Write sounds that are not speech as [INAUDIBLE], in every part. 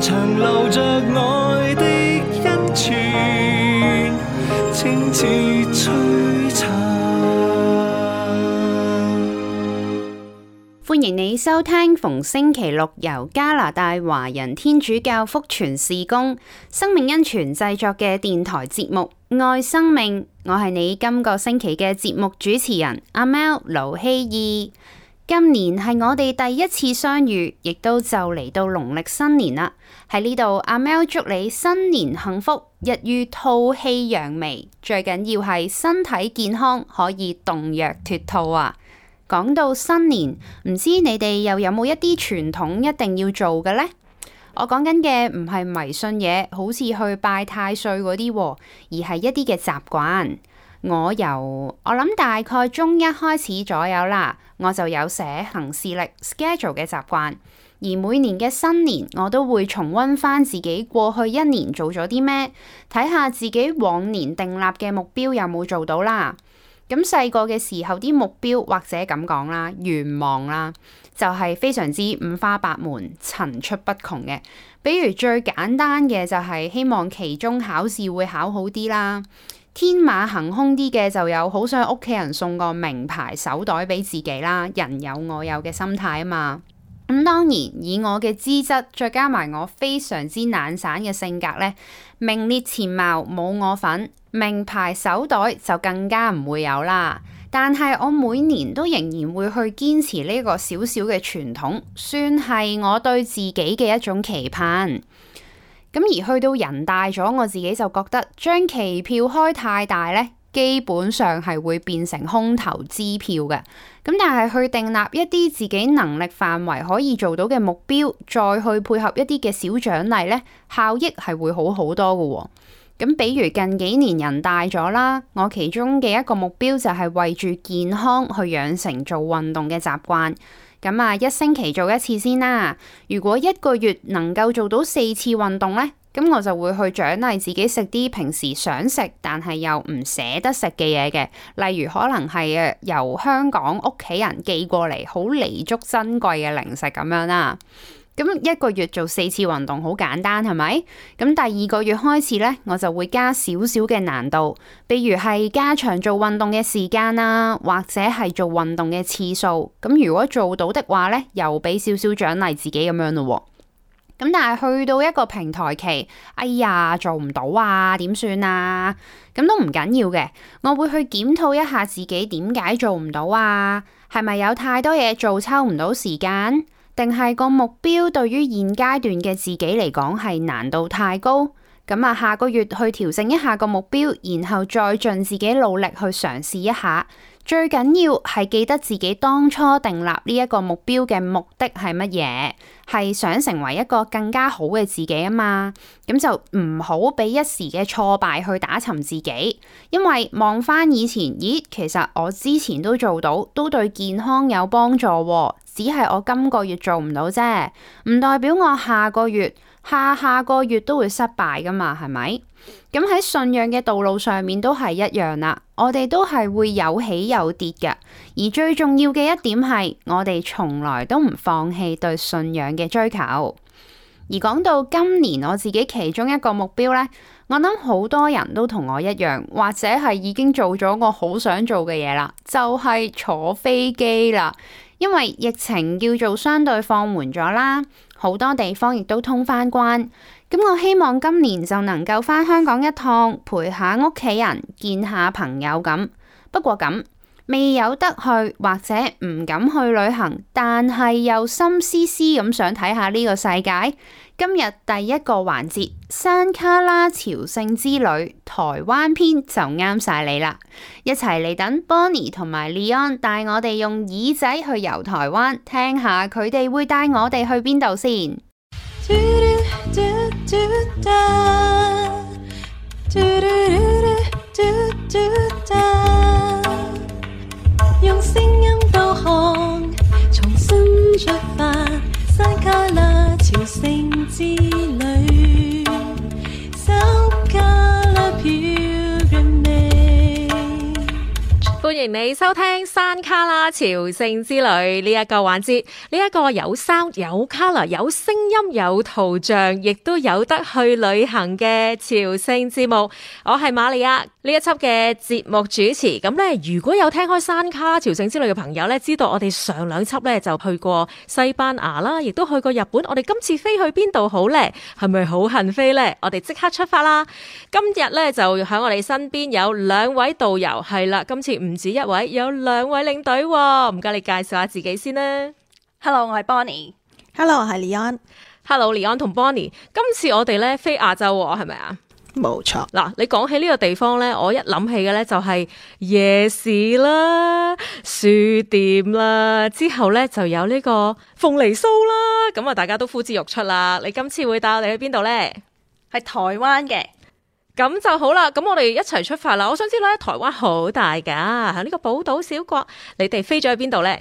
長留着愛的恩泉，清似璀璨。歡迎你收聽逢星期六由加拿大華人天主教福傳事工生命恩泉製作嘅電台節目《愛生命》，我係你今個星期嘅節目主持人阿 Mel 盧希義。今年係我哋第一次相遇，亦都就嚟到農曆新年啦。喺呢度，阿喵祝你新年幸福，一於吐氣揚眉，最緊要係身體健康，可以動若脫兔啊！講到新年，唔知你哋又有冇一啲傳統一定要做嘅呢？我講緊嘅唔係迷信嘢，好似去拜太歲嗰啲，而係一啲嘅習慣。我由我諗大概中一開始左右啦，我就有寫行事曆 schedule 嘅習慣。而每年嘅新年，我都會重溫翻自己過去一年做咗啲咩，睇下自己往年訂立嘅目標有冇做到啦。咁細個嘅時候，啲目標或者咁講啦，願望啦，就係非常之五花八門、層出不窮嘅。比如最簡單嘅就係希望期中考試會考好啲啦。天馬行空啲嘅就有好想屋企人送個名牌手袋俾自己啦，人有我有嘅心態啊嘛。咁、嗯、當然以我嘅資質，再加埋我非常之懶散嘅性格呢，名列前茅冇我份，名牌手袋就更加唔會有啦。但係我每年都仍然會去堅持呢個小小嘅傳統，算係我對自己嘅一種期盼。咁而去到人大咗，我自己就覺得將期票開太大呢，基本上係會變成空頭支票嘅。咁但係去訂立一啲自己能力範圍可以做到嘅目標，再去配合一啲嘅小獎勵呢，效益係會好好多嘅喎。咁比如近幾年人大咗啦，我其中嘅一個目標就係為住健康去養成做運動嘅習慣。咁啊，一星期做一次先啦、啊。如果一個月能夠做到四次運動呢，咁我就會去獎勵自己食啲平時想食但係又唔捨得食嘅嘢嘅，例如可能係由香港屋企人寄過嚟好彌足珍貴嘅零食咁樣啦、啊。咁一個月做四次運動好簡單係咪？咁第二個月開始呢，我就會加少少嘅難度，譬如係加長做運動嘅時間啦，或者係做運動嘅次數。咁如果做到的話呢，又俾少少獎勵自己咁樣咯。咁但係去到一個平台期，哎呀做唔到啊，點算啊？咁都唔緊要嘅，我會去檢討一下自己點解做唔到啊？係咪有太多嘢做，抽唔到時間？定係個目標對於現階段嘅自己嚟講係難度太高，咁啊，下個月去調整一下個目標，然後再盡自己努力去嘗試一下。最緊要係記得自己當初訂立呢一個目標嘅目的係乜嘢，係想成為一個更加好嘅自己啊嘛。咁就唔好俾一時嘅挫敗去打沉自己，因為望翻以前，咦，其實我之前都做到，都對健康有幫助喎，只係我今個月做唔到啫，唔代表我下個月、下下個月都會失敗噶嘛，係咪？咁喺信仰嘅道路上面都係一樣啦，我哋都係會有起有跌嘅，而最重要嘅一點係我哋從來都唔放棄對信仰嘅追求。而講到今年我自己其中一個目標咧，我諗好多人都同我一樣，或者係已經做咗一個好想做嘅嘢啦，就係坐飛機啦，因為疫情叫做相對放緩咗啦，好多地方亦都通翻關。咁我希望今年就能夠返香港一趟，陪下屋企人，見下朋友咁。不過咁未有得去或者唔敢去旅行，但係又心思思咁想睇下呢個世界。今日第一個環節《山卡拉朝聖之旅》台灣篇就啱晒你啦！一齊嚟等 Bonnie 同埋 Leon 帶我哋用耳仔去遊台灣，聽下佢哋會帶我哋去邊度先。 [MUSIC] 嘟嘟嘟嘟嘟嘟嘟，用聲音導航，重新出發，塞卡拉朝聖之旅。歡迎你收聽《山卡拉朝聖之旅》呢、這、一個環節，呢、這、一個有山、有卡拉、有聲音、有圖像，亦都有得去旅行嘅朝聖節目。我係瑪利亞，呢一輯嘅節目主持。咁呢，如果有聽開《山卡拉朝聖之旅》嘅朋友呢，知道我哋上兩輯呢就去過西班牙啦，亦都去過日本。我哋今次飛去邊度好呢？係咪好恨飛呢？我哋即刻出發啦！今日呢，就喺我哋身邊有兩位導遊，係啦，今次唔知。一位有兩位領隊喎，唔該你介紹下自己先啦。Hello，我係 Bonnie。Hello，我係李安。Hello，李安同 Bonnie，今次我哋咧飛亞洲喎，係咪啊？冇錯。嗱，你講起呢個地方咧，我一諗起嘅咧就係夜市啦、書店啦，之後咧就有呢個鳳梨酥啦。咁啊，大家都呼之欲出啦。你今次會帶我哋去邊度咧？係台灣嘅。咁就好啦，咁我哋一齊出發啦！我想知呢，台灣好大㗎，呢個寶島小國，你哋飛咗去邊度呢？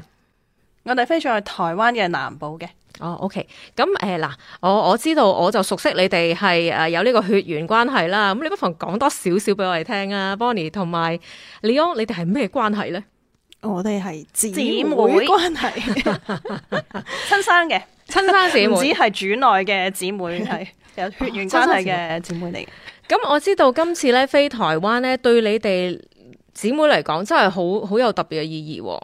我哋飛咗去台灣嘅南部嘅。哦、oh,，OK，咁誒嗱，我我知道，我就熟悉你哋係誒有呢個血緣關係啦。咁你不妨講多少少俾我哋聽啊 Bonnie 同埋 Leo，你哋係咩關係呢？我哋係姊妹關係姊妹，親 [LAUGHS] 生嘅的，親生姊妹，唔止係主內嘅姊妹，係有血緣關係嘅、哦、姊妹嚟。咁、嗯、我知道今次咧飛台灣咧，對你哋姊妹嚟講真係好好有特別嘅意義、哦。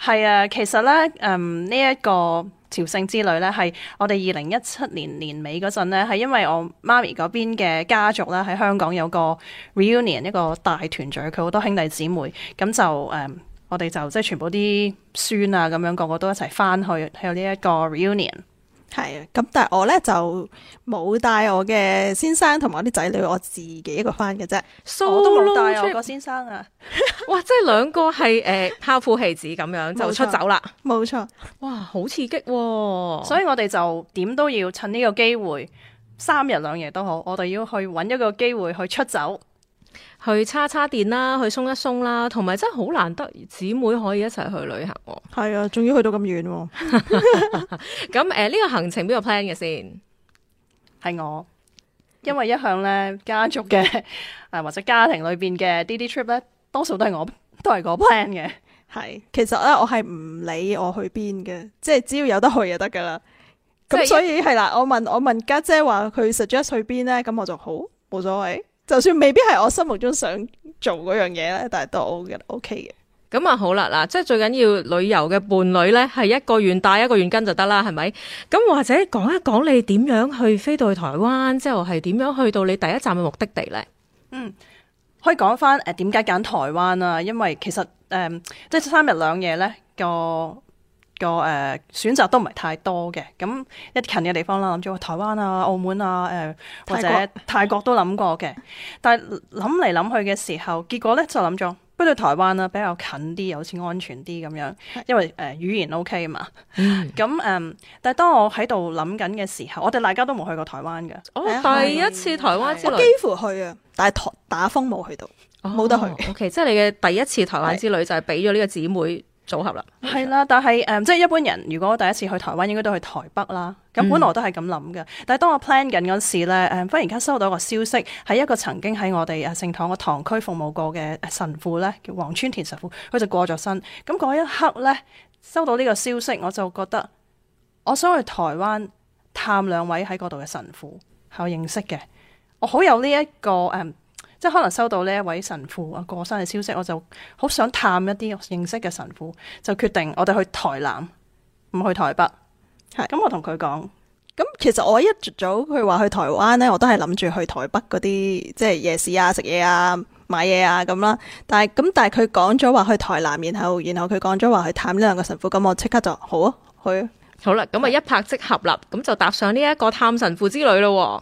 係啊，其實咧，嗯，呢、這、一個朝聖之旅咧，係我哋二零一七年年尾嗰陣咧，係因為我媽咪嗰邊嘅家族咧喺香港有個 reunion 一個大團聚，佢好多兄弟姊妹，咁就誒、嗯，我哋就即係全部啲孫啊咁樣，個個都一齊翻去去呢一個 reunion。係啊，咁但係我咧就冇帶我嘅先生同埋啲仔女，我自己一個翻嘅啫，so、long 我都冇帶我個先生啊！ [LAUGHS] 哇，即係兩個係誒拋夫棄子咁樣就出走啦！冇錯，冇錯哇，好刺激哦！所以我哋就點都要趁呢個機會，三日兩夜都好，我哋要去揾一個機會去出走。去叉叉電啦，去鬆一鬆啦，同埋真係好難得姊妹可以一齊去旅行。係啊，仲要去到咁遠。咁、呃、誒、呢、呢個行程邊個 plan 嘅先？係我，因為一向呢，家族嘅誒、呃、或者家庭裏邊嘅呢啲 trip 咧，多數都係我都係我 plan 嘅。係，其實咧我係唔理我去邊嘅，即係只要有得去就得噶啦。咁所以係啦，我問我問家姐話佢 suggest 去邊呢？咁我就好冇所謂。就算未必係我心目中想做嗰樣嘢咧，但係都 OK 嘅。咁啊好啦，嗱，即係最緊要旅遊嘅伴侶呢，係一個願帶一個願跟就得啦，係咪？咁或者講一講你點樣去飛到去台灣，之後係點樣去到你第一站嘅目的地呢？嗯，可以講翻誒，點解揀台灣啊？因為其實誒，嗯，即係三日兩夜呢個。個誒、呃、選擇都唔係太多嘅，咁一近嘅地方啦，諗住台灣啊、澳門啊，誒、呃、國或者泰國都諗過嘅。但係諗嚟諗去嘅時候，結果咧就諗咗不如台灣啊，比較近啲，又好似安全啲咁樣，是因為誒、呃、語言 OK 啊嘛。咁誒、嗯，但係當我喺度諗緊嘅時候，我哋大家都冇去過台灣嘅。我、哦哎、呀第一次台灣之旅幾乎去啊，但係台打風冇去到，冇、哦、得去。O、okay, K，即係你嘅第一次台灣之旅就係俾咗呢個姊妹。組合啦，係啦， [LAUGHS] 但係誒、嗯，即係一般人如果第一次去台灣，應該都去台北啦。咁本來我都係咁諗嘅，嗯、但係當我 plan 緊嗰時咧，誒、嗯、忽然間收到一個消息，係一個曾經喺我哋誒聖堂嘅堂區服務過嘅神父咧，叫黃川田神父，佢就過咗身。咁、嗯、嗰一刻咧，收到呢個消息，我就覺得我想去台灣探兩位喺嗰度嘅神父，係我認識嘅，我好有呢、這、一個誒。嗯即係可能收到呢一位神父啊過身嘅消息，我就好想探一啲認識嘅神父，就決定我哋去台南，唔去台北。係咁是，我同佢講。咁其實我一早佢話去台灣咧，我都係諗住去台北嗰啲即係夜市啊、食嘢啊、買嘢啊咁啦。但係咁，但係佢講咗話去台南，然後然後佢講咗話去探呢兩個神父，咁我即刻就好啊去。好啦，咁啊一拍即合啦，咁就踏上呢一個探神父之旅咯。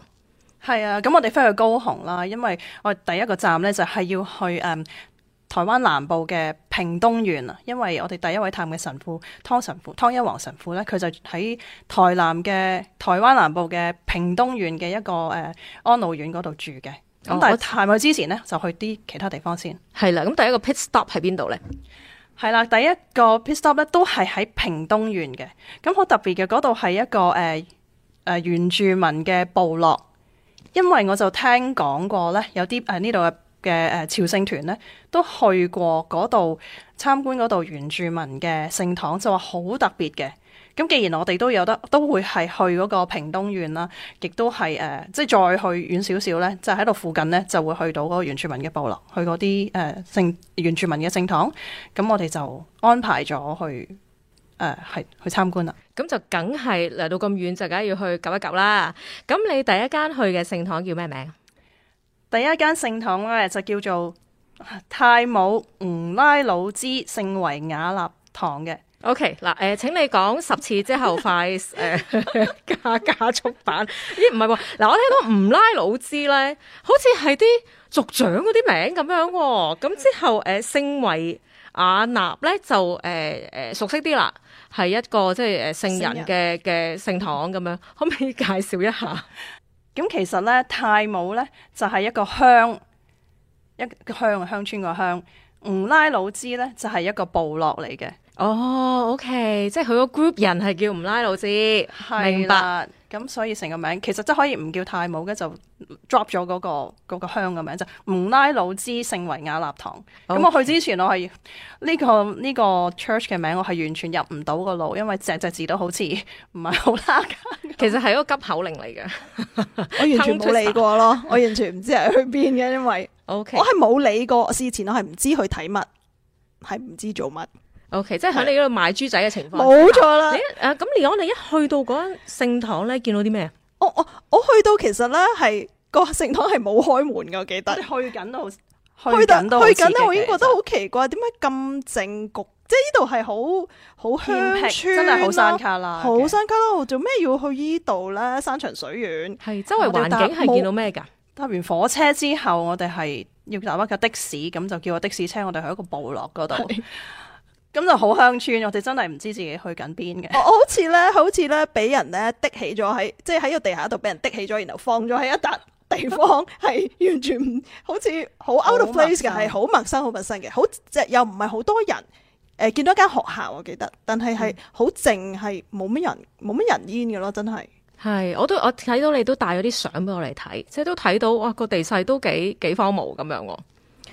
係啊，咁我哋返去高雄啦，因為我哋第一個站呢，就係要去誒、嗯、台灣南部嘅屏東縣啊，因為我哋第一位探嘅神父湯神父湯一煌神父呢，佢就喺台南嘅台灣南部嘅屏東縣嘅一個誒、啊、安老院嗰度住嘅。咁、哦、但係探佢之前呢，就去啲其他地方先。係啦、啊，咁第一個 pit stop 喺邊度呢？係啦、啊，第一個 pit stop 呢，都係喺屏東縣嘅。咁好特別嘅，嗰度係一個誒誒、呃呃、原住民嘅部落。因為我就聽講過咧，有啲誒呢度嘅誒朝聖團咧，都去過嗰度參觀嗰度原住民嘅聖堂，就話好特別嘅。咁既然我哋都有得，都會係去嗰個屏東縣啦，亦都係誒、呃，即係再去遠少少咧，就喺、是、度附近咧就會去到嗰個原住民嘅部落，去嗰啲誒聖原住民嘅聖堂。咁我哋就安排咗去誒，係、呃、去參觀啦。咁就梗係嚟到咁遠，就梗係要去救一救啦。咁你第一間去嘅聖堂叫咩名？第一間聖堂咧就叫做泰姆吾拉魯茲聖維雅納堂嘅。O K，嗱，誒，請你講十次之後快誒、 [LAUGHS] 呃、加加速版。 [LAUGHS] 咦，唔係喎，嗱，我聽到吾拉魯茲咧，好似係啲族長嗰啲名咁樣、哦。咁之後，誒、呃，聖維雅納咧就誒誒、呃、熟悉啲啦。係一個即係誒聖人嘅嘅聖堂咁樣，可唔可以介紹一下？咁其實咧，泰武咧就係、是、一個鄉，一個鄉，鄉村個鄉。吾拉魯茲咧就係、是、一個部落嚟嘅。哦，OK，即係佢個 group 人係叫吾拉魯茲，啦明白。咁所以成個名其實即係可以唔叫泰武嘅，就 drop 咗嗰個嗰個鄉嘅名，就唔拉魯茲聖維雅納堂。咁 Okay. 我去之前，我係呢個呢個 church 嘅名我係完全入唔到個腦，因為隻隻字都好似唔係好拉。其實係一個急口令嚟嘅， [LAUGHS] [LAUGHS] 我完全冇理過咯，我完全唔知係去邊嘅，因為我係冇理過。事前我係唔知去睇乜，係唔知做乜。O、okay, K，即係喺你嗰度賣豬仔嘅情況，冇錯啦。誒、啊，咁你我哋、啊、一去到嗰聖堂咧，見到啲咩啊？我我我去到其實咧係、個聖堂係冇開門噶，我記得我去緊都好去緊到都好去緊咧，我已經覺得好奇怪，點解咁靜局？即係呢度係好好鄉村，真係好山卡拉，好山卡拉，做、okay、咩要去呢度咧？山長水遠，係周圍環境係見到咩噶？搭完火車之後，我哋係要搭一架的士，咁就叫個的士車，我哋去一個部落嗰度。咁就好鄉村，我哋真係唔知自己去緊邊嘅。我好似咧，好似咧俾人咧的起咗喺，即係喺個地下度俾人的起咗，然後放咗喺一笪地方，係 [LAUGHS] 完全唔好似好 out of place 嘅，係好陌生、好陌生嘅。好即又唔係好多人。誒、呃，見到一間學校我記得，但係係好靜，係冇乜人，冇乜人煙嘅咯，真係。係，我都我睇到你都帶咗啲相俾我嚟睇，即係都睇到哇個地勢都幾幾荒蕪咁樣喎。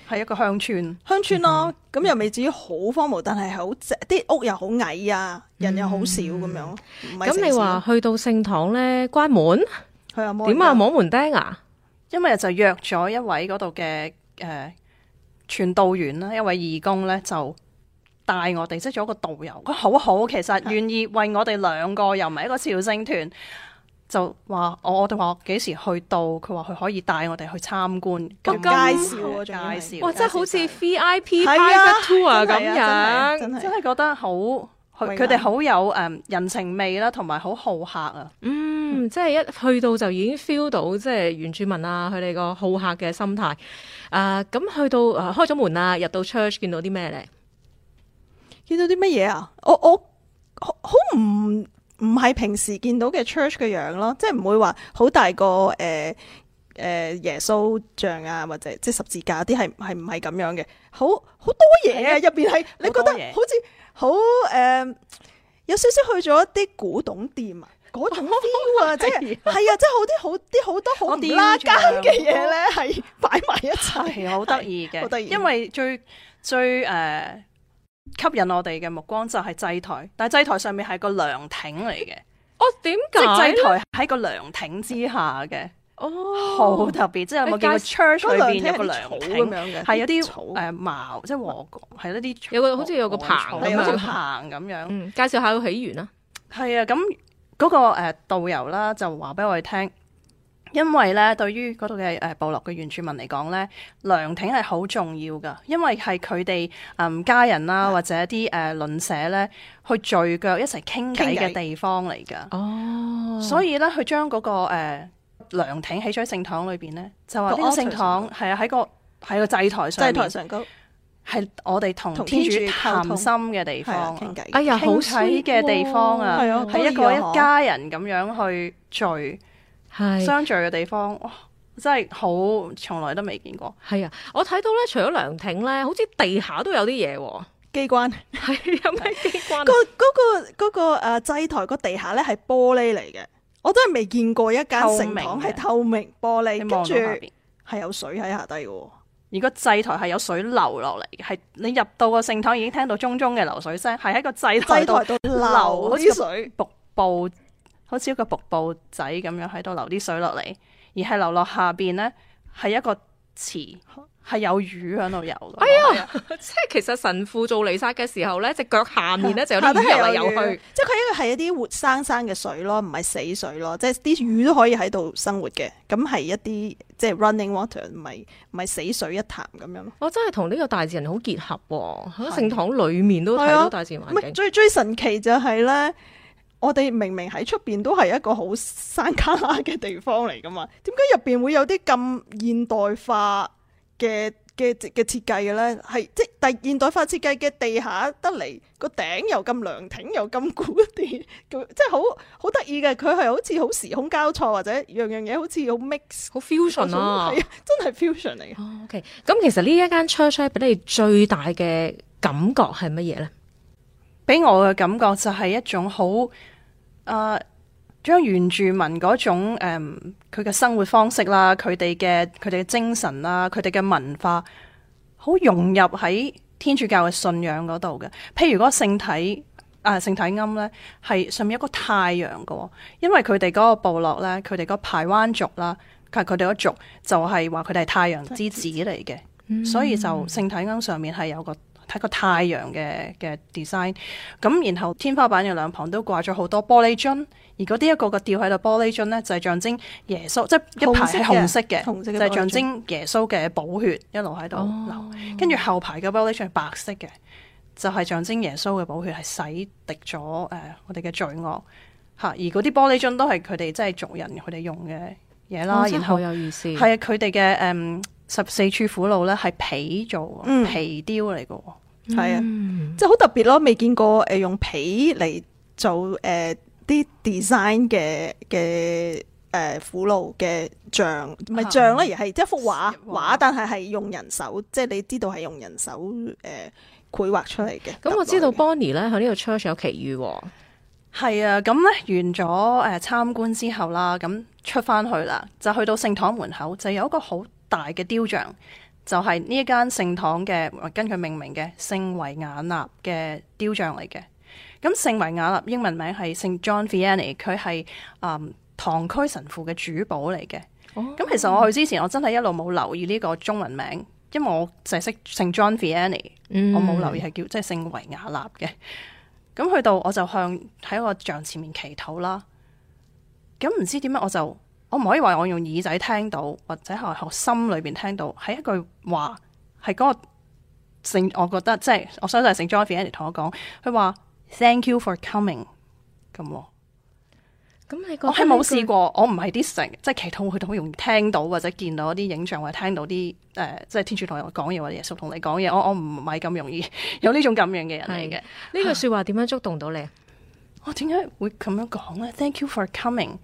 係一個鄉村，鄉村咯，咁、嗯、哼又未至於好荒蕪，但係好值，啲屋又好矮啊，嗯、人又好少咁樣。咁、嗯嗯、你話去到聖堂呢，關門，點啊，摸門釘啊？因為就約咗一位嗰度嘅誒傳道員啦，一位義工呢，就帶我哋，即係做一個導遊，佢好好，其實願意為我哋兩個，的又唔係一個朝聖團。就話我我哋話幾時去到，佢話佢可以帶我哋去參觀，咁介紹介紹哇，真係好似 VIP tour 咁樣，真係真係覺得好佢哋好有誒人情味啦，同埋好好客啊，嗯，即係一去到就已經 feel 到即係原住民啊，佢哋個好客嘅心態啊，咁去到開咗門啊，入到 church 見到啲咩咧？見到啲乜嘢啊？我我好唔～唔係平時見到嘅 church 嘅樣咯，即係唔會話好大個誒誒、呃呃、耶穌像啊，或者即係十字架啲，係係唔係咁樣嘅，好好多嘢啊！入邊係你覺得好似好誒，有少少去咗一啲古董店嗰種 feel 啊！即係係啊，即係、即係、好啲好啲好，好，好多好唔啦更嘅嘢咧，係擺埋一齊，好得意嘅。好得意因為最最誒。最最 uh 吸引我哋嘅目光就係祭台，但係祭台上面係個涼亭嚟嘅。哦，點解？祭台喺個涼亭之下嘅。哦，好特別，即係有冇叫個 c h u 亭咁樣嘅，係有啲誒茅，即係禾谷，係一啲有個好似有，的有個棚咁樣，棚咁樣。嗯、介紹下個起源啦。係啊，咁嗰個誒導遊啦，就話俾我哋聽。因為咧，對於嗰度嘅誒部落嘅原住民嚟講咧，涼亭係好重要噶，因為係佢哋嗯家人啦，或者啲誒鄰舍咧，去聚腳一齊傾偈嘅地方嚟噶。哦天，所以咧，佢將嗰個誒涼亭起咗喺張聖堂裏邊咧，就話呢個聖堂係啊喺個喺個祭台上高，係我哋同天主談心嘅地方，傾偈，哎呀好舒服嘅地方啊，係、哎哦、一個一家人咁樣去聚。是相聚嘅地方，哇！真係好，從來都未見過。係啊，我睇到咧，除咗涼亭咧，好似地下都有啲嘢機關。係 [LAUGHS] [LAUGHS] 有咩機關、啊？ [LAUGHS] 嗰個、嗰個誒、嗰個啊、祭台個地下咧係玻璃嚟嘅，我都係未見過一間聖堂係透明玻璃，跟住係有水喺下低嘅。而個祭台係有水流落嚟嘅，係你入到個聖堂已經聽到淙淙嘅流水聲，係喺個祭台度流好似水瀑水布。布好似一個瀑布仔咁樣喺度流啲水落嚟，而係流落下邊咧，係一個池，係有魚響度游。哎呀，即係其實神父做彌撒嘅時候咧，隻腳下面咧就有啲魚游嚟游去。即係佢係一啲活生生嘅水咯，唔係死水咯，即係啲魚都可以喺度生活嘅。咁係一啲即係 running water，唔係唔係死水一潭咁樣。我真係同呢個大自然好結合喎，喺聖堂裏面都睇到大自然環境。最最神奇就係咧。我哋明明喺出邊都係一個好山卡拉嘅地方嚟噶嘛，點解入邊會有啲咁現代化嘅嘅嘅設計嘅咧？係即係但現代化設計嘅地下得嚟個頂又咁涼亭又咁古典，佢即係好好得意嘅。佢係好似好時空交錯或者樣樣嘢好似好 mix 好 fusion 咯，真係 fusion 嚟嘅。Oh, OK，咁其實呢一間 church 俾你最大嘅感覺係乜嘢咧？俾我嘅感覺就係一種好啊，將、呃、原住民嗰種誒佢嘅生活方式啦，佢哋嘅佢哋嘅精神啦，佢哋嘅文化，好融入喺天主教嘅信仰嗰度嘅。譬如嗰個聖體啊，聖、呃、體庵咧係上面一個太陽嘅，因為佢哋嗰個部落咧，佢哋嗰個排灣族啦，係佢哋嗰族就係話佢哋係太陽之子嚟嘅，嗯、所以就聖體庵上面係有個。一個太陽嘅嘅 design，咁然後天花板嘅兩旁都掛咗好多玻璃樽，而嗰啲一個個吊喺度玻璃樽咧就係、是、象徵耶穌，即係一排係紅色嘅、哦，就係、是、象徵耶穌嘅寶血一路喺度流。跟住後排嘅玻璃樽係白色嘅，就係象徵耶穌嘅寶血係洗滌咗誒我哋嘅罪惡吓，而嗰啲玻璃樽都係佢哋即係族人佢哋用嘅嘢啦。然後有意思係啊，佢哋嘅誒十四處苦路咧係皮做，嗯、皮雕嚟嘅。係啊、嗯，即係好特別咯，未見過誒用皮嚟做誒啲、呃、design 嘅嘅誒苦路嘅像，唔係像啦，而係即係一幅畫畫，話但係係用人手，即係你知道係用人手誒繪畫出嚟嘅。咁、嗯、我知道 Bonnie 咧喺呢度 church 有奇遇、哦，係啊，咁咧完咗誒參觀之後啦，咁出翻去啦，就去到聖堂門口就有一個好大嘅雕像。就係呢一間聖堂嘅，跟佢命名嘅聖維雅納嘅雕像嚟嘅。咁聖維雅納英文名係聖 John Vianney 佢係啊、嗯、堂區神父嘅主保嚟嘅。咁、哦、其實我去之前，我真係一路冇留意呢個中文名，因為我就係識聖 John Vianney、嗯、我冇留意係叫即係、就是、聖維雅納嘅。咁去到我就向喺個像前面祈禱啦。咁唔知點解我就～我唔可以話我用耳仔聽到，或者係我心裏邊聽到，係一句話，係嗰、那個聖。我覺得即係，我相信係聖 John p h 同我講，佢話 Thank you for coming 咁。咁、嗯、你、那個，我係冇試過，我唔係啲成，即係祈禱，我佢好容易聽到或者見到一啲影像，或者聽到啲誒、呃，即係天主同我講嘢，或者耶穌同你講嘢。我我唔係咁容易有呢種咁樣嘅人嚟嘅。呢句、啊、說話點樣觸動到你？啊、我點解會咁樣講咧？Thank you for coming。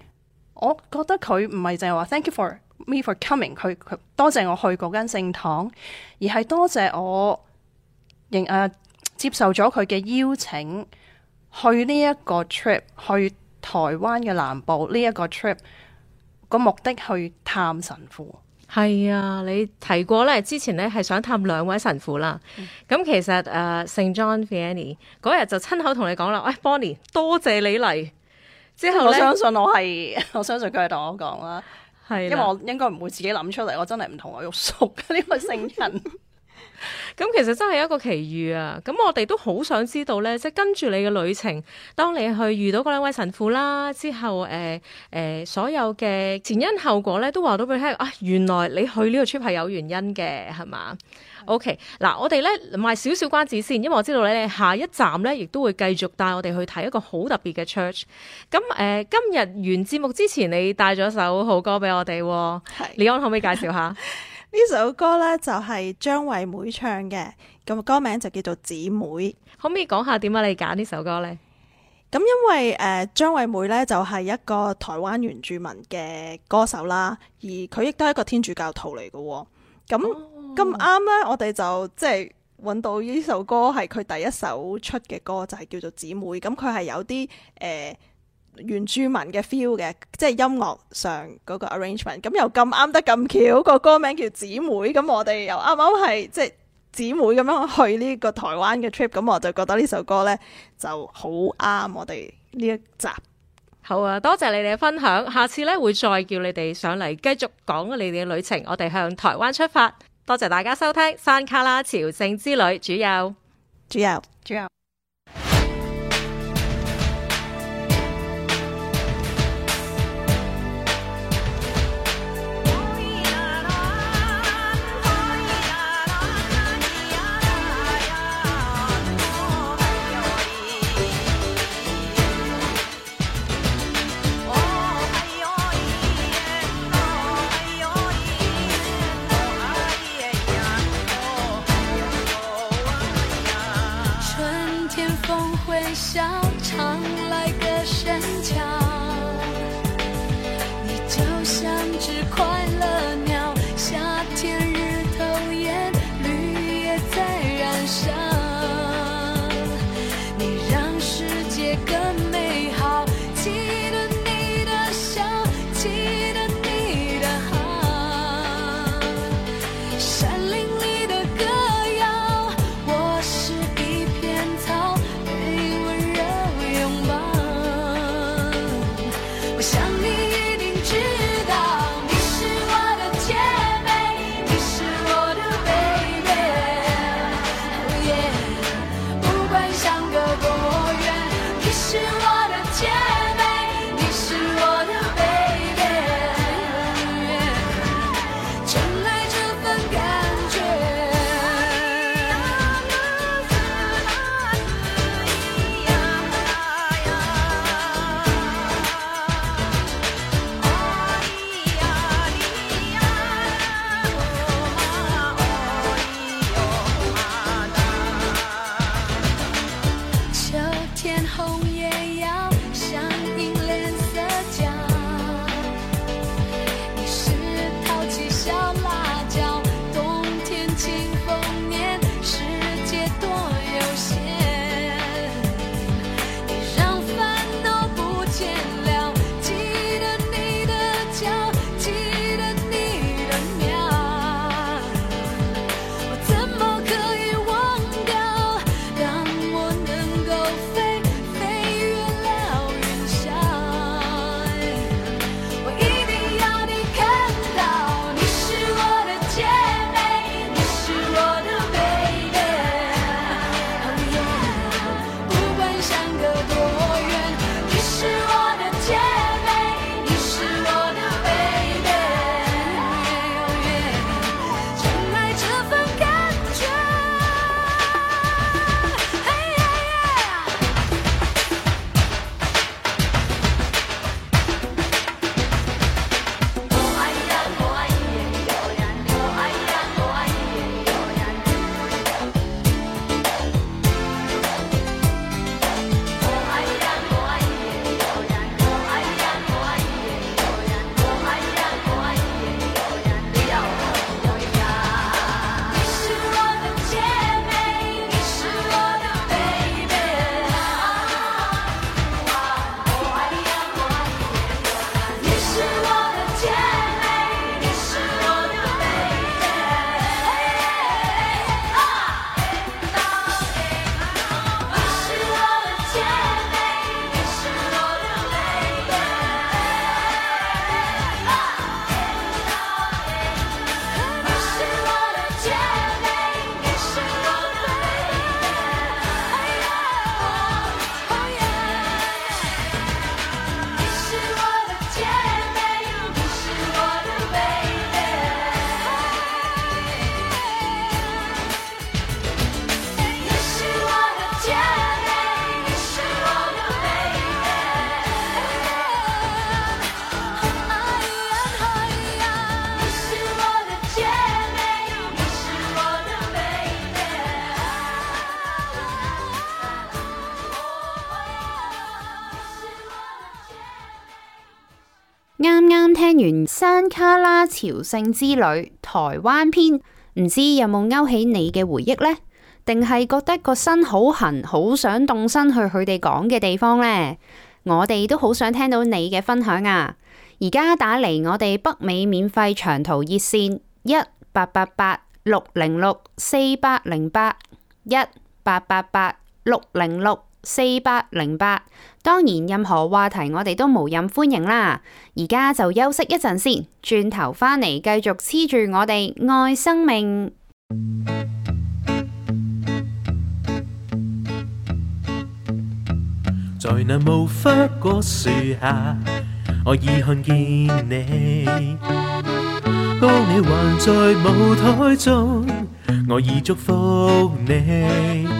我覺得佢唔係淨係話，Thank you for me for coming，佢佢多謝我去嗰間聖堂，而係多謝我認啊接受咗佢嘅邀請去呢一個 trip，去台灣嘅南部呢一個 trip 個目的去探神父。係啊，你提過咧，之前咧係想探兩位神父啦。咁、嗯、其實誒、聖、uh, John Vianney 嗰日就親口同你講啦，誒、哎、Bonnie，多謝你嚟。之後我相信我係 [LAUGHS] 我相信佢係同我講啦，係因為我應該唔會自己諗出嚟，我真係唔同我熟熟呢個聖人。咁其實真係一個奇遇啊！咁我哋都好想知道呢，即係跟住你嘅旅程，當你去遇到嗰兩位神父啦之後，誒、呃、誒、呃，所有嘅前因後果呢，都話到俾你聽啊！原來你去呢個 trip 係有原因嘅，係嘛？O.K. 嗱，我哋咧賣少少關子先，因為我知道咧你下一站咧亦都會繼續帶我哋去睇一個好特別嘅 church。咁誒、呃，今日完節目之前，你帶咗首好歌俾我哋。係是，李安可唔可以介紹下呢 [LAUGHS] 首歌咧？就係張惠妹唱嘅，咁歌名就叫做《姊妹》。可唔可以講下點解你揀呢首歌咧？咁因為誒，張、呃、惠妹咧就係、是、一個台灣原住民嘅歌手啦，而佢亦都係一個天主教徒嚟嘅。咁咁啱咧，我哋就即係搵到呢首歌，係佢第一首出嘅歌，就係、是、叫做《姊妹》。咁佢係有啲誒、呃、原住民嘅 feel 嘅，即係音樂上嗰個 arrangement。咁又咁啱得咁巧，個歌名叫《姊妹》。咁我哋又啱啱係即係姊妹咁樣去呢個台灣嘅 trip。咁我就覺得呢首歌呢就好啱我哋呢一集。好啊，多謝你哋嘅分享。下次呢會再叫你哋上嚟繼續講你哋嘅旅程。我哋向台灣出發。多謝大家收聽《山卡拉朝聖之旅》主要，主有要，主有，主有。朝聖之旅台灣篇，唔知有冇勾起你嘅回憶呢？定係覺得個身好痕，好想動身去佢哋講嘅地方呢？我哋都好想聽到你嘅分享啊！而家打嚟我哋北美免費長途熱線一八八八六零六四八零八一八八八六零六。四百零八。當然任何話題我哋都無任歡迎啦。而家就休息一陣先，轉頭返嚟繼續黐住我哋愛生命。在那無花果樹下，我已看見你。當你還在舞臺中，我已祝福你。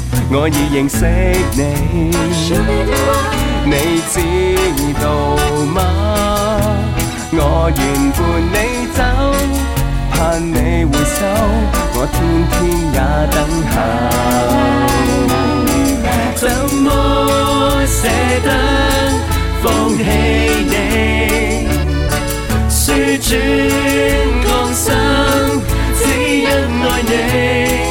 我已認識你，你知道嗎？我願伴你走，盼你回首，我天天也等候。嗯，怎麼捨得放棄你？輸轉江山，只因愛你。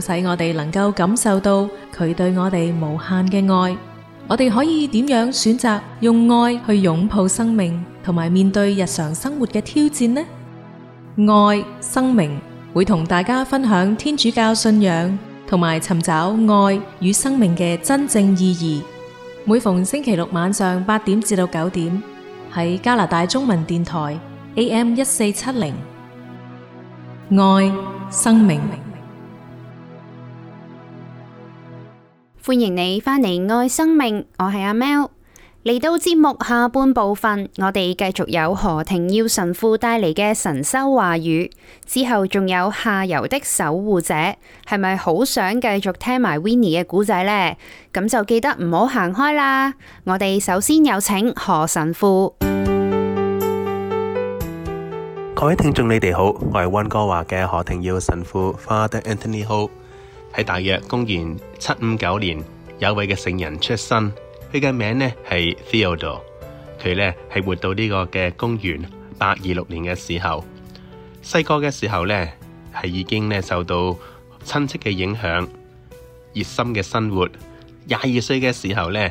使我哋能夠感受到佢對我哋無限嘅愛，我哋可以點樣選擇用愛去擁抱生命，同埋面對日常生活嘅挑戰呢？愛生命會同大家分享天主教信仰，同埋尋找愛與生命嘅真正意義。每逢星期六晚上八點至到九點，喺加拿大中文電台 AM 一四七零，愛生命。歡迎你返嚟愛生命，我係阿貓嚟。到節目下半部分，我哋繼續有何庭耀神父帶嚟嘅神修話語，之後仲有下游的守護者，係咪好想繼續聽埋 Winnie 嘅故仔呢？咁就記得唔好行開啦。我哋首先有請何神父，各位聽眾你哋好，我係温哥華嘅何庭耀神父 Father Anthony Ho。喺大約公元七五九年，有位嘅聖人出生。佢嘅名呢係 Theodore，佢呢係活到呢個嘅公元八二六年嘅時候。細個嘅時候呢係已經呢受到親戚嘅影響，熱心嘅生活。廿二歲嘅時候呢，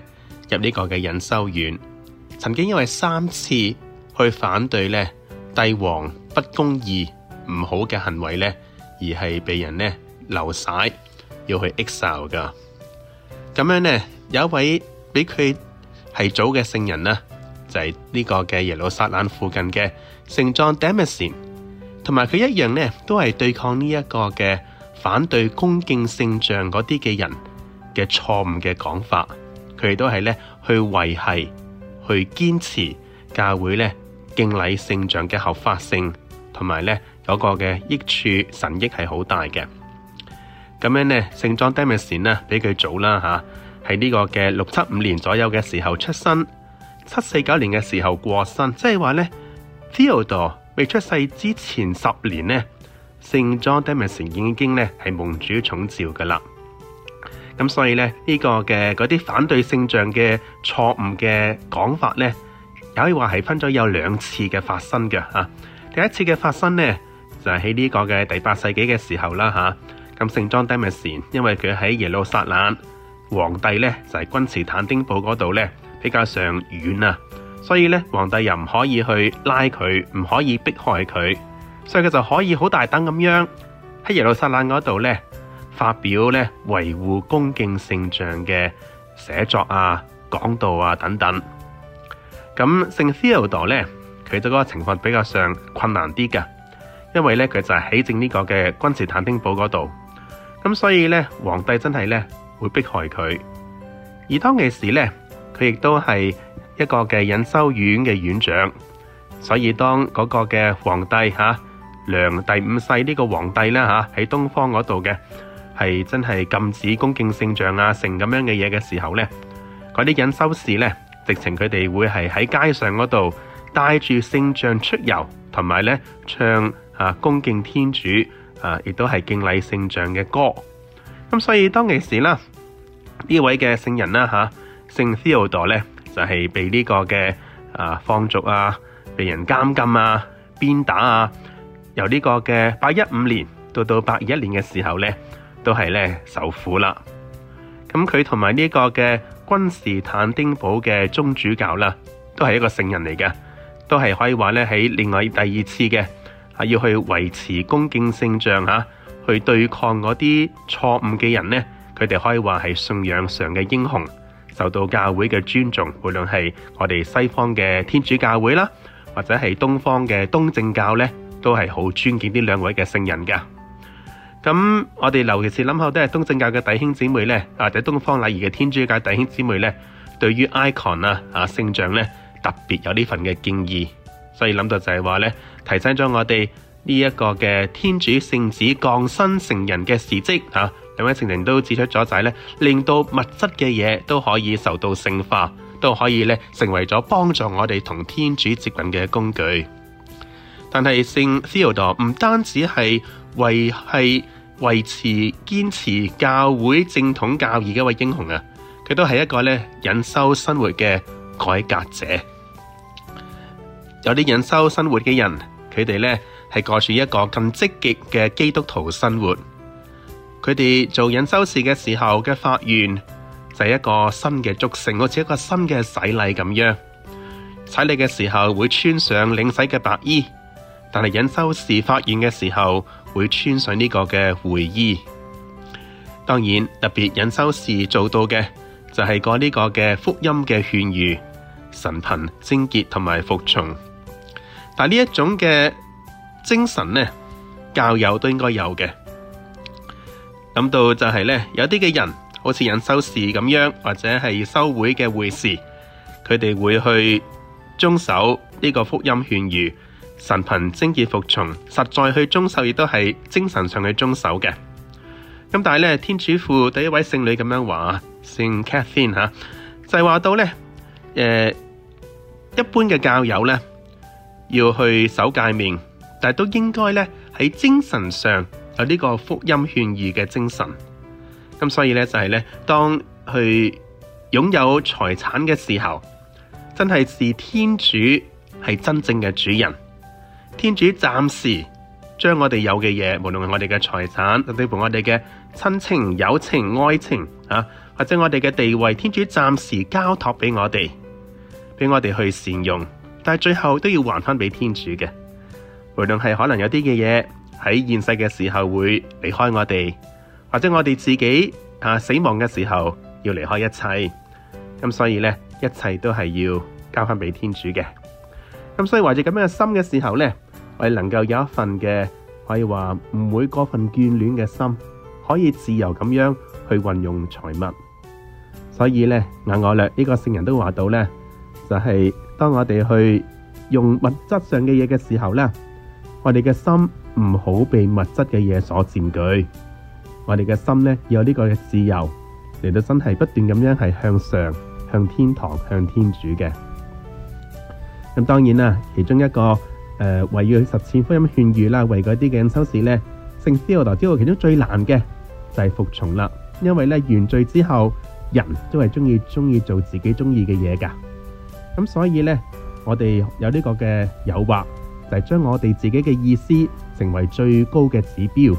入呢個嘅隱修院，曾經因為三次去反對呢帝王不公義唔好嘅行為呢，而係被人呢流晒。要去 excel 噶，咁樣呢，有一位比佢係早嘅聖人啦，就係、是、呢個嘅耶路撒冷附近嘅聖像 Damasen，同埋佢一樣呢，都係對抗呢一個嘅反對恭敬聖像嗰啲嘅人嘅錯誤嘅講法，佢哋都係呢，去維繫、去堅持教會呢敬禮聖像嘅合法性，同埋呢有、嗰個嘅益處，神益係好大嘅。咁樣咧，聖狀 Damian 呢，比佢早啦吓，喺、啊、呢個嘅六七五年左右嘅時候出生，七四九年嘅時候過身，即係話咧，Theodore 未出世之前十年咧，聖狀 Damian 已經咧係蒙主寵召噶啦。咁所以咧呢、這個嘅嗰啲反對聖像嘅錯誤嘅講法咧，有可以話係分咗有兩次嘅發生嘅吓、啊。第一次嘅發生咧就係喺呢個嘅第八世紀嘅時候啦吓。啊咁聖 John Damascene 因為佢喺耶路撒冷皇帝呢，就係君士坦丁堡嗰度呢，比較上遠啊，所以呢，皇帝又唔可以去拉佢，唔可以逼害佢，所以佢就可以好大膽咁樣喺耶路撒冷嗰度呢發表呢維護恭敬聖像嘅寫作啊講道啊等等。咁聖 Theodore 呢，佢就嗰個情況比較上困難啲嘅，因為呢，佢就係喺正呢個嘅君士坦丁堡嗰度。咁、嗯、所以咧，皇帝真係咧會迫害佢。而當其時咧，佢亦都係一個嘅隱修院嘅院長。所以當嗰個嘅皇帝吓、啊、良第五世呢個皇帝咧吓喺東方嗰度嘅係真係禁止恭敬聖像啊成咁樣嘅嘢嘅時候咧，嗰啲隱修士咧直情佢哋會係喺街上嗰度帶住聖像出遊，同埋咧唱啊恭敬天主。啊！亦都係敬禮聖像嘅歌，咁、啊、所以當其時啦，呢位嘅聖人啦嚇、啊，聖西奧多咧就係、是、被呢個嘅啊放逐啊，被人監禁啊、鞭打啊，由呢個嘅八一五年到到八二一年嘅時候咧，都係咧受苦啦。咁佢同埋呢個嘅君士坦丁堡嘅宗主教啦，都係一個聖人嚟嘅，都係可以話咧喺另外第二次嘅。啊，要去維持恭敬聖像嚇，去對抗嗰啲錯誤嘅人呢，佢哋可以話係信仰上嘅英雄，受到教會嘅尊重。無論係我哋西方嘅天主教會啦，或者係東方嘅東正教呢，都係好尊敬呢兩位嘅聖人㗎。咁我哋尤其是諗下都係東正教嘅弟兄姊妹呢，或者東方禮儀嘅天主教弟兄姊妹呢，對於 icon 啊啊聖像咧，特別有呢份嘅敬意。所以諗到就係話咧，提升咗我哋呢一個嘅天主聖子降生成人嘅事蹟啊！兩位聖人都指出咗仔咧，令到物質嘅嘢都可以受到聖化，都可以咧成為咗幫助我哋同天主接近嘅工具。但係聖西奧多唔單止係維繫維持堅持教會正統教義嘅一位英雄啊，佢都係一個咧隱修生活嘅改革者。有啲隱修生活嘅人，佢哋呢，係過住一個咁積極嘅基督徒生活。佢哋做隱修士嘅時候嘅發願就係、是、一個新嘅祝聖好似一個新嘅洗禮咁樣。洗禮嘅時候會穿上領洗嘅白衣，但係隱修士發願嘅時候會穿上呢個嘅會衣。當然特別隱修士做到嘅就係、是、過呢個嘅福音嘅勸喻、神貧、貞潔同埋服從。但呢一種嘅精神呢，教友都應該有嘅。諗到就係呢，有啲嘅人好似隱修士咁樣，或者係修會嘅會士，佢哋會去遵守呢個福音勸諭，神貧、貞潔、服從，實在去遵守亦都係精神上去遵守嘅。咁但係呢，天主父對一位聖女咁樣話，聖 catch 先吓，就係、是、話到呢，誒、呃，一般嘅教友呢。」要去守誡命，但係都應該咧喺精神上有呢個福音勸喻嘅精神。咁、嗯、所以咧就係、是、咧，當佢擁有財產嘅時候，真係是，是天主係真正嘅主人。天主暫時將我哋有嘅嘢，無論係我哋嘅財產，甚至乎我哋嘅親情、友情、愛情啊，或者我哋嘅地位，天主暫時交託俾我哋，俾我哋去善用。但係最後都要還翻俾天主嘅，無論係可能有啲嘅嘢，喺現世嘅時候會離開我哋，或者我哋自己啊死亡嘅時候要離開一切，咁所以呢，一切都係要交翻俾天主嘅。咁所以懷住咁樣嘅心嘅時候呢，我哋能夠有一份嘅可以話唔會過分眷戀嘅心，可以自由咁樣去運用財物。所以呢，額我略呢、這個聖人都話到呢，就係、是。當我哋去用物質上嘅嘢嘅時候呢，我哋嘅心唔好被物質嘅嘢所佔據，我哋嘅心呢，要有呢個嘅自由嚟到真係不斷咁樣係向上、向天堂、向天主嘅。咁、嗯、當然啦，其中一個誒、呃、為要去實踐福音勸諭啦，為嗰啲嘅人修士呢，聖思羅達知道其中最難嘅就係服從啦，因為呢，原罪之後人都係中意中意做自己中意嘅嘢噶。咁所以咧，我哋有呢個嘅誘惑，就係將我哋自己嘅意思成為最高嘅指標。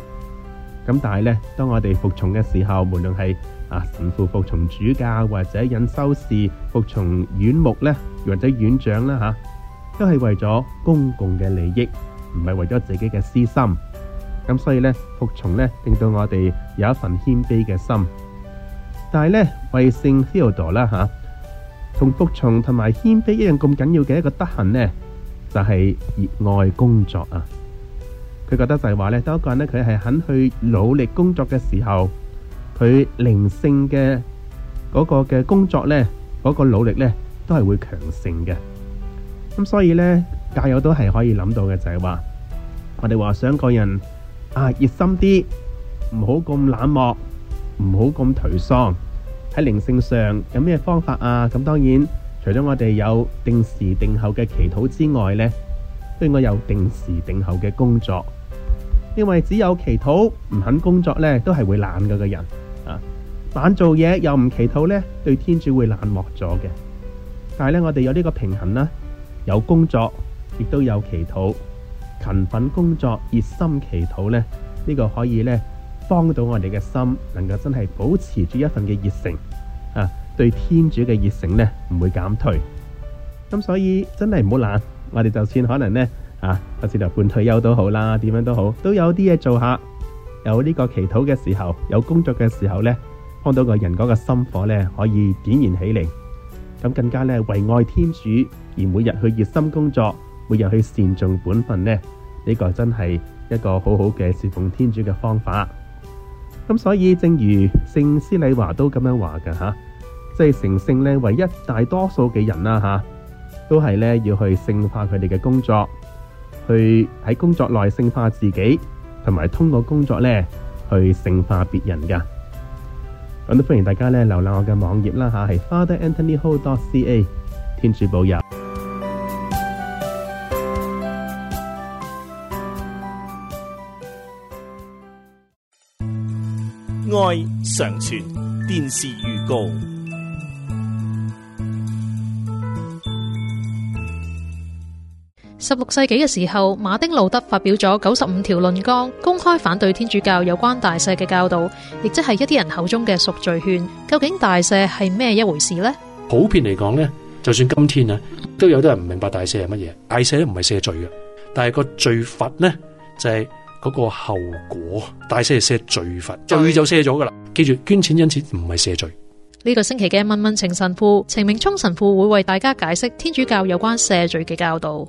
咁但係咧，當我哋服從嘅時候，無論係啊神父服從主教，或者隱修士服從院牧咧，或者院長啦吓，都係為咗公共嘅利益，唔係為咗自己嘅私心。咁所以咧，服從咧令到我哋有一份謙卑嘅心。但係咧，為聖 Cyril 啦吓。同服從同埋謙卑一樣咁緊要嘅一個德行呢，就係熱愛工作啊！佢覺得就係話咧，當一個人呢，佢係肯去努力工作嘅時候，佢靈性嘅嗰個嘅工作咧，嗰個努力咧，都係會強盛嘅。咁所以咧，教友都係可以諗到嘅就係話，我哋話想個人啊，熱心啲，唔好咁冷漠，唔好咁頹喪。喺靈性上有咩方法啊？咁當然，除咗我哋有定時定候嘅祈禱之外呢，都應該有定時定候嘅工作。因為只有祈禱唔肯工作呢，都係會懶嘅個人啊！懶做嘢又唔祈禱呢，對天主會冷漠咗嘅。但係呢，我哋有呢個平衡啦，有工作亦都有祈禱，勤奮工作，熱心祈禱呢，呢、呢個可以呢。幫到我哋嘅心，能夠真係保持住一份嘅熱誠啊，對天主嘅熱誠呢，唔會減退。咁所以真係唔好懶，我哋就算可能呢，啊，甚至到半退休都好啦，點樣都好，都有啲嘢做下，有呢個祈禱嘅時候，有工作嘅時候呢，幫到個人嗰個心火呢，可以點燃起嚟。咁更加呢，為愛天主而每日去熱心工作，每日去善盡本分呢，呢，呢個真係一個好好嘅侍奉天主嘅方法。咁、嗯、所以，正如聖施禮華都咁樣話噶吓，即、啊、係、就是、成聖咧，唯一大多數嘅人啦吓、啊，都係咧要去聖化佢哋嘅工作，去喺工作內聖化自己，同埋通過工作咧去聖化別人噶。咁都歡迎大家咧瀏覽我嘅網頁啦吓，係、啊、FatherAnthonyHo.CA，天主保佑。愛上傳電視預告。十六世紀嘅時候，馬丁路德發表咗九十五條論綱，公開反對天主教有關大赦嘅教導，亦即係一啲人口中嘅贖罪券。究竟大赦係咩一回事呢？普遍嚟講呢，就算今天啊，都有啲人唔明白大赦係乜嘢。大赦咧唔係赦罪嘅，但係個罪罰呢就係、是。嗰個後果，大赦就赦罪罰，罪就赦咗噶啦。記住，捐錢因此唔係赦罪。呢個星期嘅問問情神父，程明聰神父會為大家解釋天主教有關赦罪嘅教導。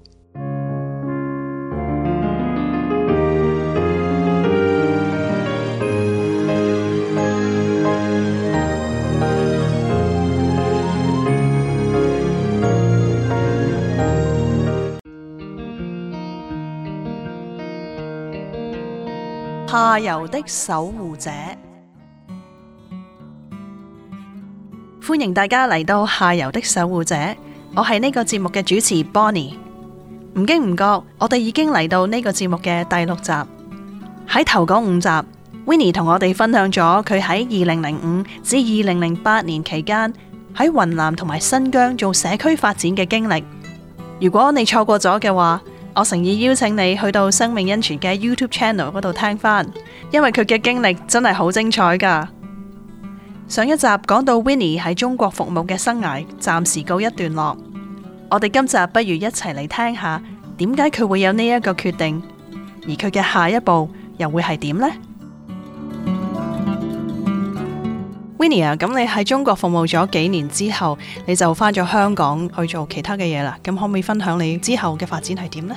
下游的守護者，歡迎大家嚟到下游的守護者。我係呢個節目嘅主持 Bonnie。唔經唔覺，我哋已經嚟到呢個節目嘅第六集。喺頭嗰五集，Winnie 同我哋分享咗佢喺二零零五至二零零八年期間喺雲南同埋新疆做社區發展嘅經歷。如果你錯過咗嘅話，我誠意邀請你去到生命恩泉嘅 YouTube Channel 嗰度聽翻，因為佢嘅經歷真係好精彩噶。上一集講到 Winnie 喺中國服務嘅生涯暫時告一段落，我哋今集不如一齊嚟聽下，點解佢會有呢一個決定，而佢嘅下一步又會係點呢？Winnie 啊，咁你喺中國服務咗幾年之後，你就返咗香港去做其他嘅嘢啦。咁可唔可以分享你之後嘅發展係點呢？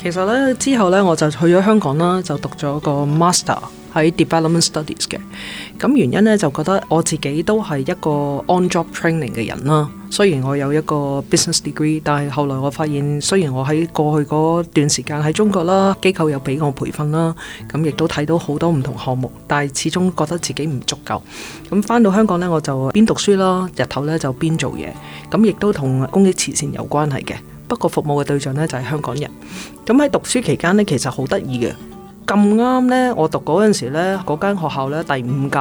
其實呢，之後呢，我就去咗香港啦，就讀咗個 master。喺 development studies 嘅，咁原因咧，就覺得我自己都係一個 on job training 嘅人啦。雖然我有一個 business degree，但係後來我發現，雖然我喺過去嗰段時間喺中國啦，機構有俾我培訓啦，咁亦都睇到好多唔同項目，但係始終覺得自己唔足夠。咁翻到香港咧，我就邊讀書啦，日頭咧就邊做嘢，咁亦都同公益慈善有關係嘅。不過服務嘅對象咧，就係香港人。咁喺讀書期間咧，其實好得意嘅。咁啱呢，我讀嗰陣時呢，嗰間學校呢，第五屆，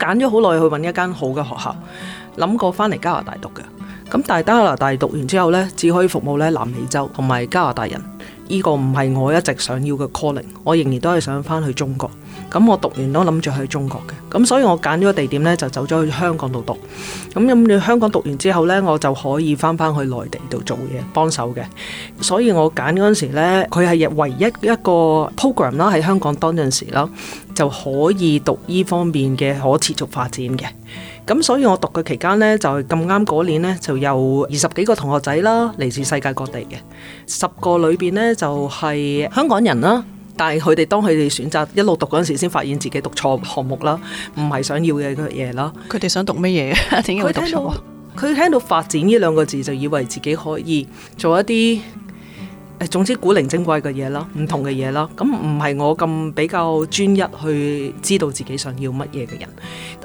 揀咗好耐去揾一間好嘅學校，諗過翻嚟加拿大讀嘅。咁但係加拿大讀完之後呢，只可以服務呢南美洲同埋加拿大人，呢、這個唔係我一直想要嘅 calling，我仍然都係想翻去中國。咁我讀完都諗住去中國嘅，咁所以我揀呢個地點咧就走咗去香港度讀。咁咁你香港讀完之後咧，我就可以翻翻去內地度做嘢幫手嘅。所以我揀嗰陣時咧，佢係唯一一個 program 啦，喺香港當陣時啦，就可以讀呢方面嘅可持續發展嘅。咁所以我讀嘅期間咧，就咁啱嗰年咧，就有二十幾個同學仔啦嚟自世界各地嘅，十個裏邊咧就係香港人啦。但係佢哋當佢哋選擇一路讀嗰陣時，先發現自己讀錯項目啦，唔係想要嘅嘢啦。佢哋想讀乜嘢？點解會 [LAUGHS] 讀呢個？佢聽，聽到發展呢兩個字就以為自己可以做一啲。誒，總之古靈精怪嘅嘢啦，唔同嘅嘢啦。咁唔係我咁比較專一去知道自己想要乜嘢嘅人。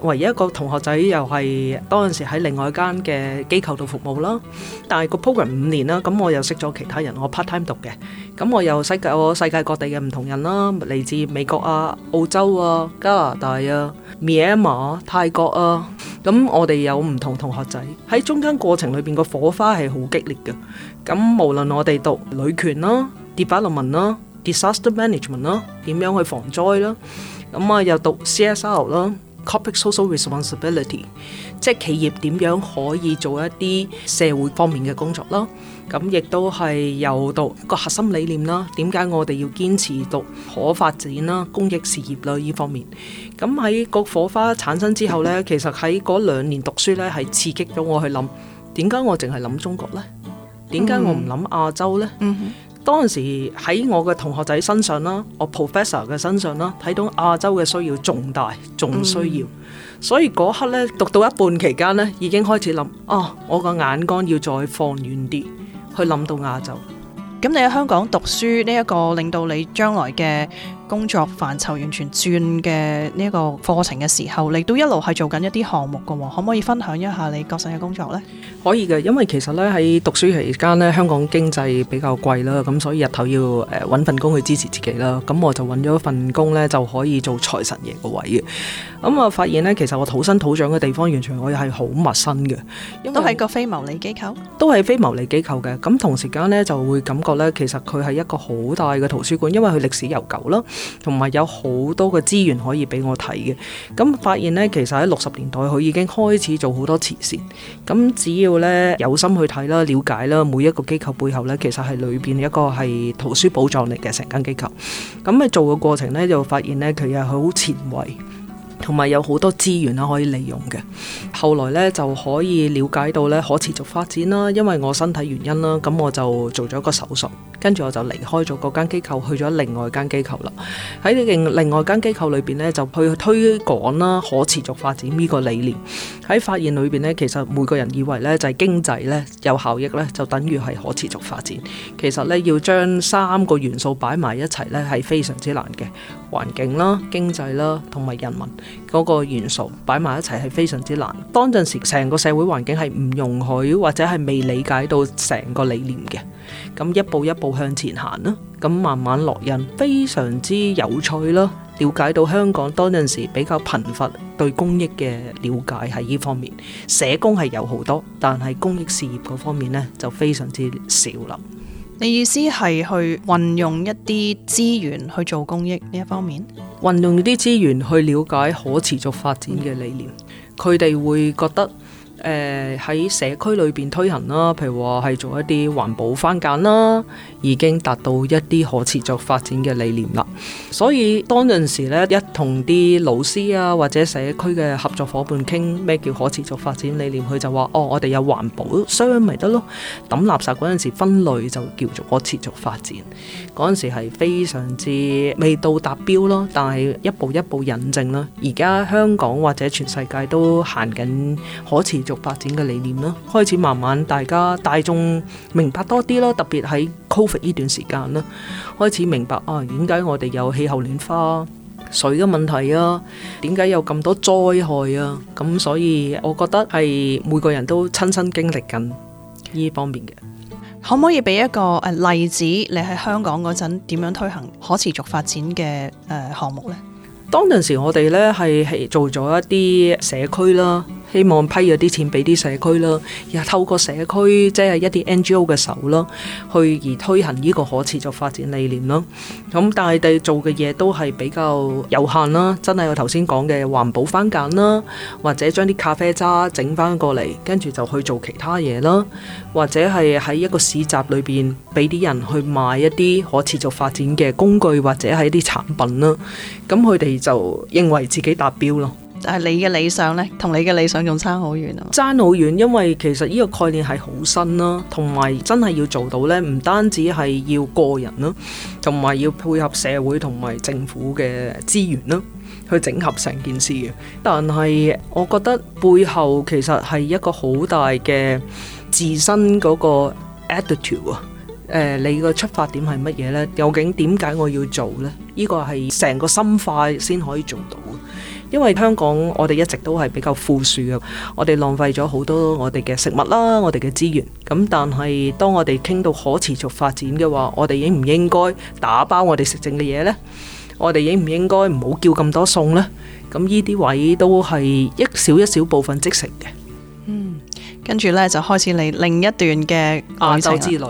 唯一一個同學仔又係嗰陣時喺另外一間嘅機構度服務啦，但係個 program 五年啦，咁我又識咗其他人，我 part time 讀嘅，咁我又識夠世界各地嘅唔同人啦，嚟自美國啊、澳洲啊、加拿大啊、m y a 泰國啊，咁我哋有唔同同學仔喺中間過程裏邊個火花係好激烈嘅。咁無論我哋讀女權啦、development 啦、disaster management 啦，點樣去防災啦？咁啊又讀 CSR 啦，Corporate Social Responsibility，即係企業點樣可以做一啲社會方面嘅工作啦？咁亦都係又讀個核心理念啦，點解我哋要堅持讀可發展啦、公益事業啦呢方面？咁喺個火花產生之後呢，其實喺嗰兩年讀書呢係刺激咗我去諗點解我淨係諗中國呢？點解我唔諗亞洲呢？嗯、哼當時喺我嘅同學仔身上啦，我 professor 嘅身上啦，睇到亞洲嘅需要仲大，仲需要，嗯、所以嗰刻咧讀到一半期間咧，已經開始諗，啊，我個眼光要再放遠啲，去諗到亞洲。咁你喺香港讀書呢一、這個，令到你將來嘅。工作範疇完全轉嘅呢個課程嘅時候，你都一路係做緊一啲項目㗎喎，可唔可以分享一下你個陣嘅工作呢？可以嘅，因為其實咧喺讀書期間呢，香港經濟比較貴啦，咁所以日頭要誒、呃、揾份工去支持自己啦。咁我就揾咗份工呢，就可以做財神爺個位嘅。咁我發現呢，其實我土生土長嘅地方，完全我係好陌生嘅。都係個非牟利機構？都係非牟利機構嘅。咁同時間呢，就會感覺呢，其實佢係一個好大嘅圖書館，因為佢歷史悠久啦。同埋有好多嘅資源可以俾我睇嘅，咁發現呢，其實喺六十年代佢已經開始做好多慈善，咁只要呢，有心去睇啦、了解啦，每一個機構背後呢，其實係裏邊一個係圖書寶藏嚟嘅成間機構，咁你做嘅過程呢，就發現呢，佢又係好前衞，同埋有好多資源啦可以利用嘅。後來呢，就可以了解到呢，可持續發展啦，因為我身體原因啦，咁我就做咗個手術。跟住我就離開咗嗰間機構，去咗另外間機構啦。喺另外間機構裏邊呢，就去推廣啦可持續發展呢個理念。喺發現裏邊呢，其實每個人以為呢就係經濟呢，有效益呢，就等於係可持續發展。其實呢，要將三個元素擺埋一齊呢，係非常之難嘅。環境啦、經濟啦同埋人民。嗰個元素擺埋一齊係非常之難。當陣時，成個社會環境係唔容許，或者係未理解到成個理念嘅。咁一步一步向前行啦，咁慢慢落印，非常之有趣啦。了解到香港當陣時比較貧乏，對公益嘅了解喺呢方面，社工係有好多，但係公益事業嗰方面呢，就非常之少啦。你意思係去運用一啲資源去做公益呢一方面？運用啲資源去了解可持續發展嘅理念，佢哋會覺得。誒喺、呃、社區裏邊推行啦，譬如話係做一啲環保翻簡啦，已經達到一啲可持續發展嘅理念啦。所以當陣時呢，一同啲老師啊或者社區嘅合作伙伴傾咩叫可持續發展理念，佢就話：哦，我哋有環保箱咪得咯，抌垃圾嗰陣時分類就叫做可持續發展。嗰陣時係非常之未到達標咯，但係一步一步引證啦。而家香港或者全世界都行緊可持續續發展嘅理念啦，開始慢慢大家大眾明白多啲啦，特別喺 COVID 呢段時間啦，開始明白啊，點解我哋有氣候暖化、水嘅問題啊，點解有咁多災害啊？咁所以我覺得係每個人都親身經歷緊呢方面嘅。可唔可以俾一個誒例子？你喺香港嗰陣點樣推行可持續發展嘅誒項目呢？當陣時我哋呢係係做咗一啲社區啦。希望批咗啲錢俾啲社區啦，又透過社區即係一啲 NGO 嘅手啦，去而推行呢個可持續發展理念咯。咁、嗯、但係哋做嘅嘢都係比較有限啦。真係我頭先講嘅環保番梘啦，或者將啲咖啡渣整翻過嚟，跟住就去做其他嘢啦。或者係喺一個市集裏邊俾啲人去買一啲可持續發展嘅工具或者係一啲產品啦。咁佢哋就認為自己達標咯。.就係你嘅理想呢，同你嘅理想仲差好遠啊！差好遠，因為其實呢個概念係好新啦，同埋真係要做到呢，唔單止係要個人啦，同埋要配合社會同埋政府嘅資源啦，去整合成件事嘅。但係我覺得背後其實係一個好大嘅自身嗰個 attitude 啊、呃,誒，你個出發點係乜嘢呢？究竟點解我要做呢？呢、呢個係成個心態先可以做到。因為香港，我哋一直都係比較富庶嘅，我哋浪費咗好多我哋嘅食物啦，我哋嘅資源。咁但係當我哋傾到可持續發展嘅話，我哋應唔應該打包我哋食剩嘅嘢呢？我哋應唔應該唔好叫咁多餸呢？咁呢啲位都係一小一小部分即食嘅。嗯，跟住呢，就開始嚟另一段嘅亞洲之旅。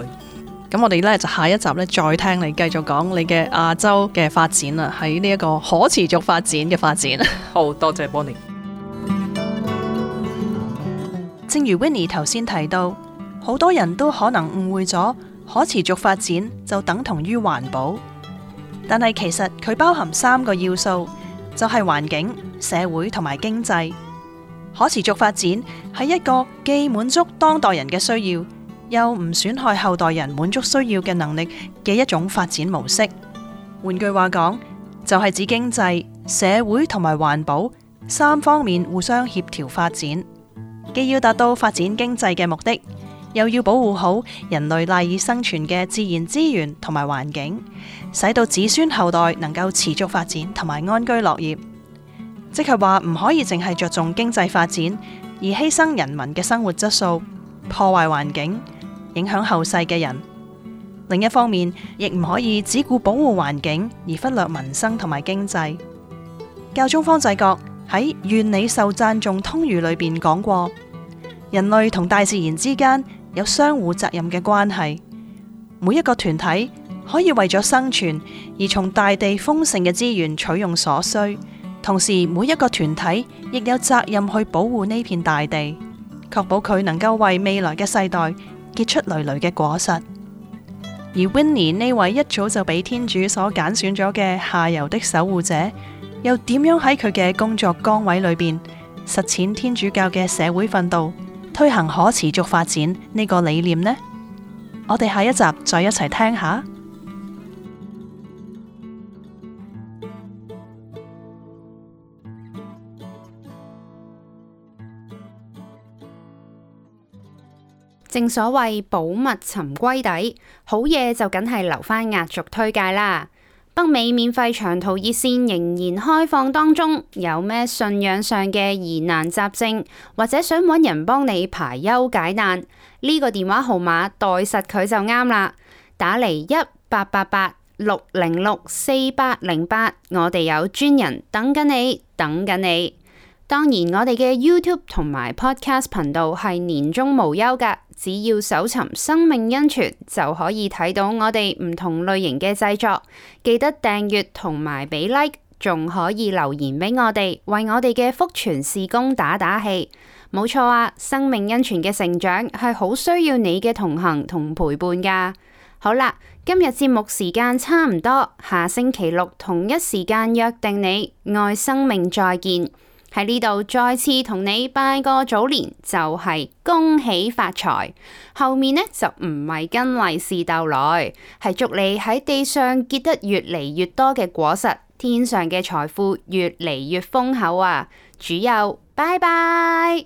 咁我哋咧就下一集咧再聽你繼續講你嘅亞洲嘅發展啦，喺呢一個可持續發展嘅發展。 [LAUGHS] 好多謝 Bonnie。 [MUSIC] 正如 Winnie 頭先提到，好多人都可能誤會咗可持續發展就等同於環保，但係其實佢包含三個要素，就係環境、社會同埋經濟。可持續發展係一個既滿足當代人嘅需要。又唔損害後代人滿足需要嘅能力嘅一種發展模式。換句話講，就係指經濟、社會同埋環保三方面互相協調發展，既要達到發展經濟嘅目的，又要保護好人類賴以生存嘅自然資源同埋環境，使到子孫後代能夠持續發展同埋安居樂業。即係話唔可以淨係着重經濟發展，而犧牲人民嘅生活質素，破壞環境。影響後世嘅人，另一方面亦唔可以只顧保護環境而忽略民生同埋經濟。教宗方濟各喺《願你受讚頌通諭》裏邊講過，人類同大自然之間有相互責任嘅關係。每一個團體可以為咗生存而從大地豐盛嘅資源取用所需，同時每一個團體亦有責任去保護呢片大地，確保佢能夠為未來嘅世代。結出累累嘅果實，而 Winnie 呢位一早就俾天主所揀選咗嘅下游的守護者，又點樣喺佢嘅工作崗位裏邊實踐天主教嘅社會奮鬥，推行可持續發展呢個理念呢？我哋下一集再一齊聽一下。正所謂寶物沉歸底，好嘢就梗係留翻壓軸推介啦。北美免費長途熱線仍然開放當中，有咩信仰上嘅疑難雜症，或者想揾人幫你排憂解難，呢、這個電話號碼代實佢就啱啦。打嚟一八八八六零六四八零八，8, 我哋有專人等緊你，等緊你。當然我，我哋嘅 YouTube 同埋 Podcast 頻道係年終無休噶。只要搜尋生命恩泉就可以睇到我哋唔同類型嘅製作，記得訂閱同埋俾 like，仲可以留言俾我哋，為我哋嘅福傳事工打打氣。冇錯啊，生命恩泉嘅成長係好需要你嘅同行同陪伴噶好啦，今日節目時間差唔多，下星期六同一時間約定你，愛生命再見。喺呢度再次同你拜個早年，就係、是、恭喜發財。後面呢就唔係跟利是鬥來，係祝你喺地上結得越嚟越多嘅果實，天上嘅財富越嚟越豐厚啊！主佑，拜拜。